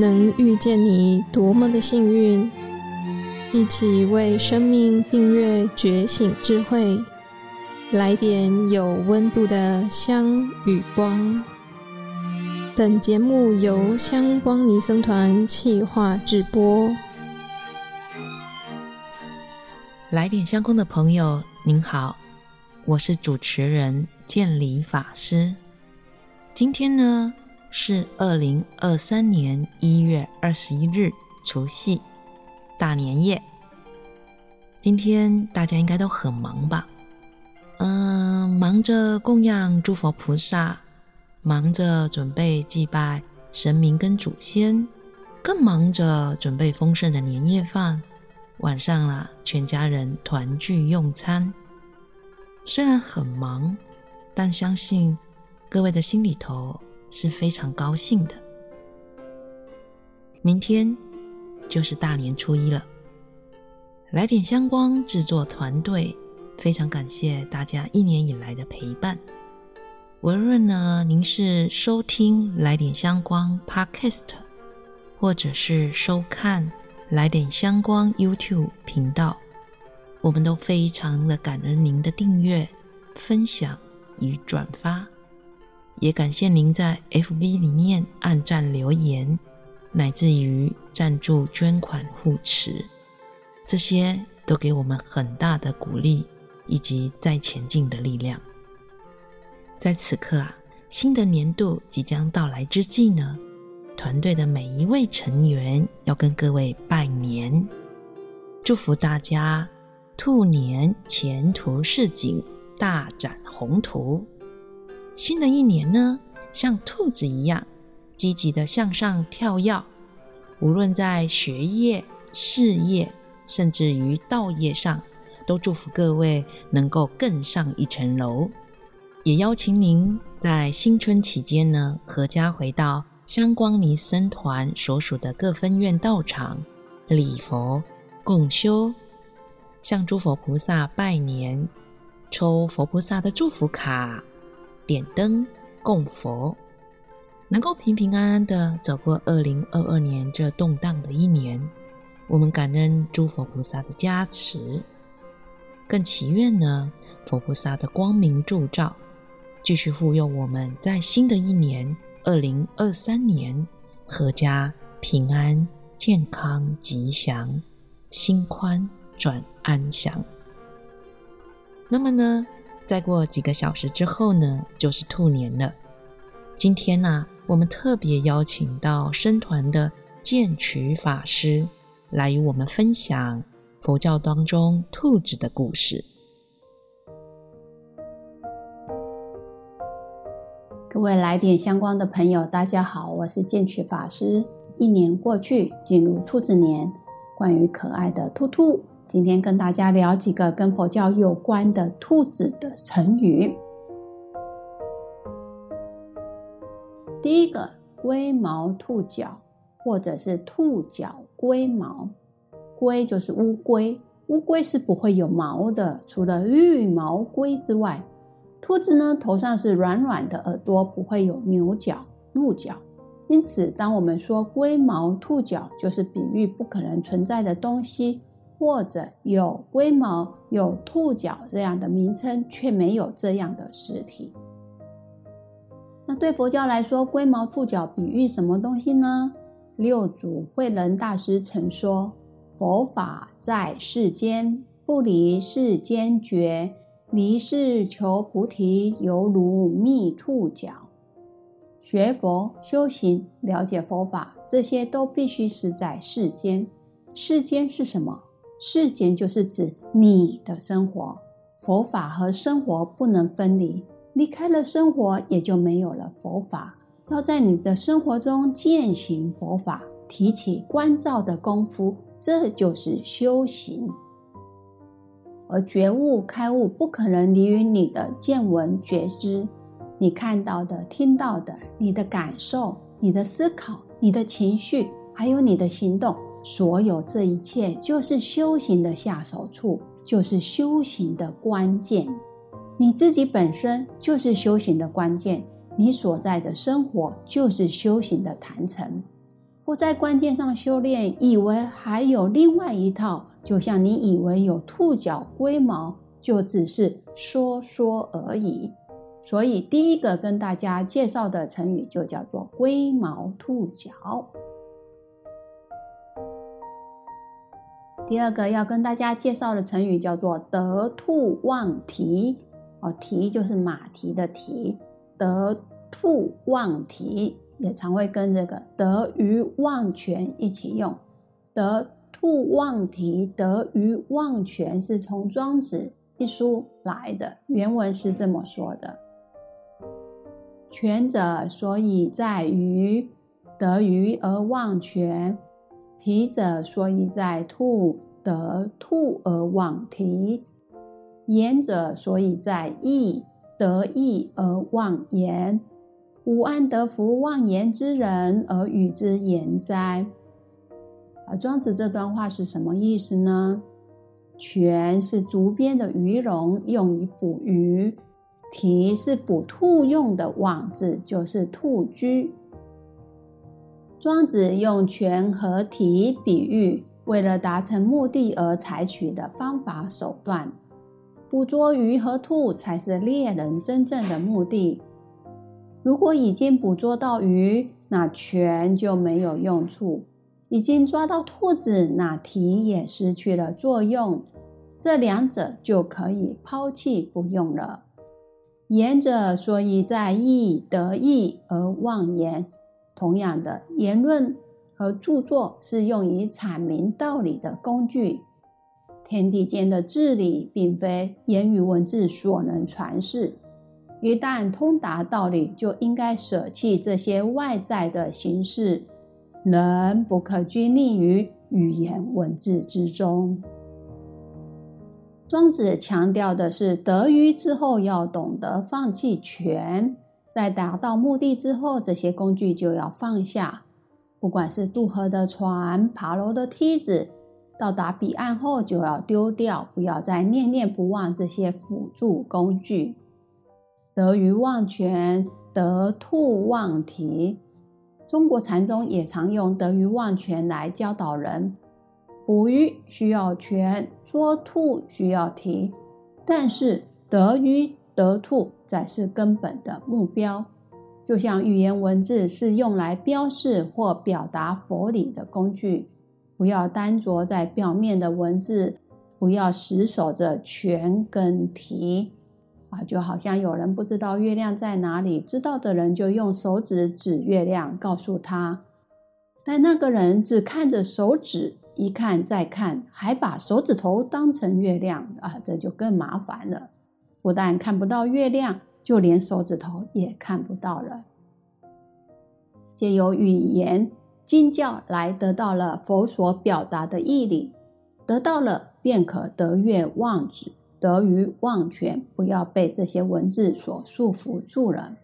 能遇見你多麼的幸運！一起為生命訂閱覺，覺醒智慧，來點有溫度的香與光。本節目由香光尼僧團企劃製播。來點香光的朋友，您好，我是主持人見鐻法師。今天呢？是二零二三年一月二十一日除夕，大年夜。今天大家應該都很忙吧？嗯，忙着供養諸佛菩薩，忙着準備祭拜神明跟祖先，更忙着準備豐盛的年夜飯。晚上啦、啊，全家人團聚用餐。雖然很忙，但相信各位的心裡頭。是非常高興的。明天就是大年初一了，來點香光制作團隊非常感謝大家一年以來的陪伴。無論呢，您是收聽來點香光 Podcast，或者是收看來點香光 YouTube 頻道，我們都非常的感恩您的訂閱、分享與轉發。也感謝您在 FB 裡面按讚留言，乃至於贊助捐款護持，這些都給我們很大的鼓勵以及在前進的力量。在此刻啊，新的年度即將到來之際呢，團隊的每一位成員要跟各位拜年，祝福大家兔年前途似錦，大展宏圖。新的一年呢，像兔子一樣積極的向上跳躍。無論在學業、事業，甚至於道業上，都祝福各位能夠更上一層樓。也邀請您在新春期間呢，闔家回到香光尼僧團所屬的各分院道場禮佛、共修，向諸佛菩薩拜年，抽佛菩薩的祝福卡。點燈供佛，能夠平平安安的走過二零二二年這動盪的一年，我們感恩諸佛菩薩的加持，更祈願呢，佛菩薩的光明燭照，繼續護佑我們在新的一年二零二三年合家平安、健康、吉祥、心寬轉安祥。那麼呢，再過幾個小時之後呢，就是兔年了。今天呢、啊，我們特別邀請到僧團的見鐻法師來與我們分享佛教當中兔子的故事。各位來點香光的朋友，大家好，我是見鐻法師。一年過去，進入兔子年，關於可愛的兔兔。今天跟大家聊幾個跟佛教有關的兔子的成語。第一個“龜毛兔角”，或者是“兔角龜毛”。龜就是烏龜，烏龜是不會有毛的，除了綠毛龜之外。兔子呢，頭上是軟軟的耳朵，不會有牛角、鹿角。因此，當我們說“龜毛兔角”，就是比喻不可能存在的東西。或者有龜毛、有兔角這樣的名稱，卻沒有這樣的實體。那對佛教來說，龜毛兔角比喻什麼東西呢？六祖慧能大師曾說：“佛法在世間，不離世間覺；離世求菩提，猶如覓兔角。”學佛、修行、了解佛法，這些都必須是在世間。世間是什麼？世間就是指你的生活，佛法和生活不能分離，離開了生活也就沒有了佛法。要在你的生活中踐行佛法，提起觀照的功夫，這就是修行。而覺悟開悟不可能離於你的見聞覺知，你看到的、聽到的、你的感受、你的思考、你的情緒，還有你的行動。所有這一切就是修行的下手處，就是修行的關鍵。你自己本身就是修行的關鍵，你所在的生活就是修行的壇城。不在關鍵上修煉，以為還有另外一套，就像你以為有兔角龜毛，就只是說說而已。所以，第一個跟大家介紹的成語就叫做“龜毛兔角”。第二個要跟大家介紹的成語叫做“得兔忘蹄”，哦，蹄就是馬蹄的蹄。得兔忘蹄也常會跟這個“得魚忘筌”一起用。得兔忘蹄、得魚忘筌是從《莊子》一書來的，原文是這麼說的：“筌者所以在於得魚而忘筌。”蹄者所以在兔，得兔而忘蹄；言者所以在意，得意而忘言。吾安得夫忘言之人而與之言哉？啊，莊子這段話是什麼意思呢？筌是竹編的魚籠，用於捕魚；蹄是捕兔用的網子，就是兔罝。莊子用筌和蹄比喻為了達成目的而採取的方法手段。捕捉魚和兔才是獵人真正的目的。如果已經捕捉到魚，那筌就沒有用處；已經抓到兔子，那蹄也失去了作用。這兩者就可以拋棄不用了。言者所以在意得意而忘言。同樣的言論和著作是用於闡明道理的工具。天地間的至理並非言語文字所能傳示。一旦通達道理，就應該捨棄這些外在的形式，人不可拘泥於語言文字之中。莊子強調的是，得魚之後要懂得放棄筌。在達到目的之後，這些工具就要放下。不管是渡河的船、爬樓的梯子，到達彼岸後就要丟掉，不要再念念不忘這些輔助工具。得魚忘筌，得兔忘蹄。中國禪宗也常用“得魚忘筌”來教導人：捕魚需要筌，捉兔需要蹄，但是得魚。得兔，才是根本的目標，就像語言文字是用來標示或表達佛理的工具，不要單着在表面的文字，不要死守着筌跟蹄，啊，就好像有人不知道月亮在哪裡，知道的人就用手指指月亮告訴他，但那個人只看着手指，一看再看，還把手指頭當成月亮，啊，這就更麻煩了。不但看不到月亮，就連手指頭也看不到了。借由語言經教來得到了佛所表達的義理，得到了便可得月忘指，得魚忘筌，不要被這些文字所束縛住了。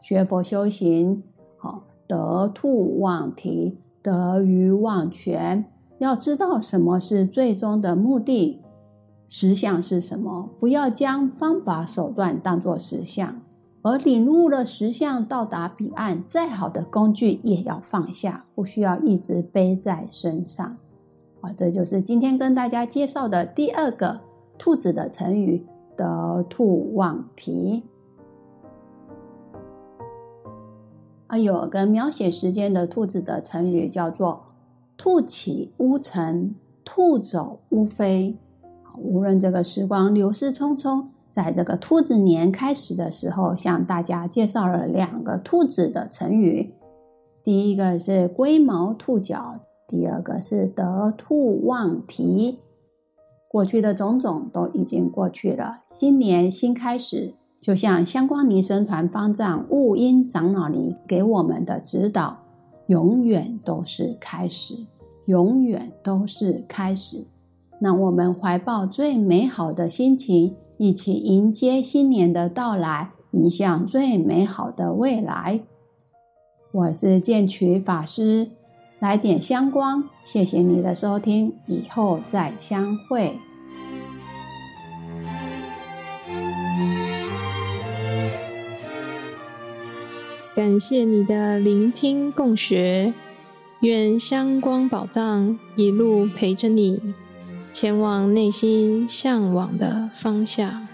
學佛修行，好得兔忘蹄，得魚忘筌，要知道什麼是最終的目的。實相是什麼？不要將方法手段當作實相，而領悟了實相，到達彼岸。再好的工具也要放下，不需要一直背在身上。啊，這就是今天跟大家介紹的第二個兔子的成語“得兔忘蹄”。啊，有個描寫時間的兔子的成語叫做“兔起烏沉”，“兔走烏飛”。無論這個時光流逝匆匆，在這個兔子年開始的時候，向大家介紹了兩個兔子的成語。第一個是龜毛兔角，第二個是得兔忘蹄。過去的種種都已經過去了，新年新開始，就像香光尼僧團方丈悟音長老尼給我們的指導，永遠都是開始，永遠都是開始。讓我們懷抱最美好的心情，一起迎接新年的到來，迎向最美好的未來。我是見鐻法師，來點香光，謝謝你的收聽，以後再相會。感謝你的聆聽共學，願香光寶藏一路陪着你。前往內心向往的方向。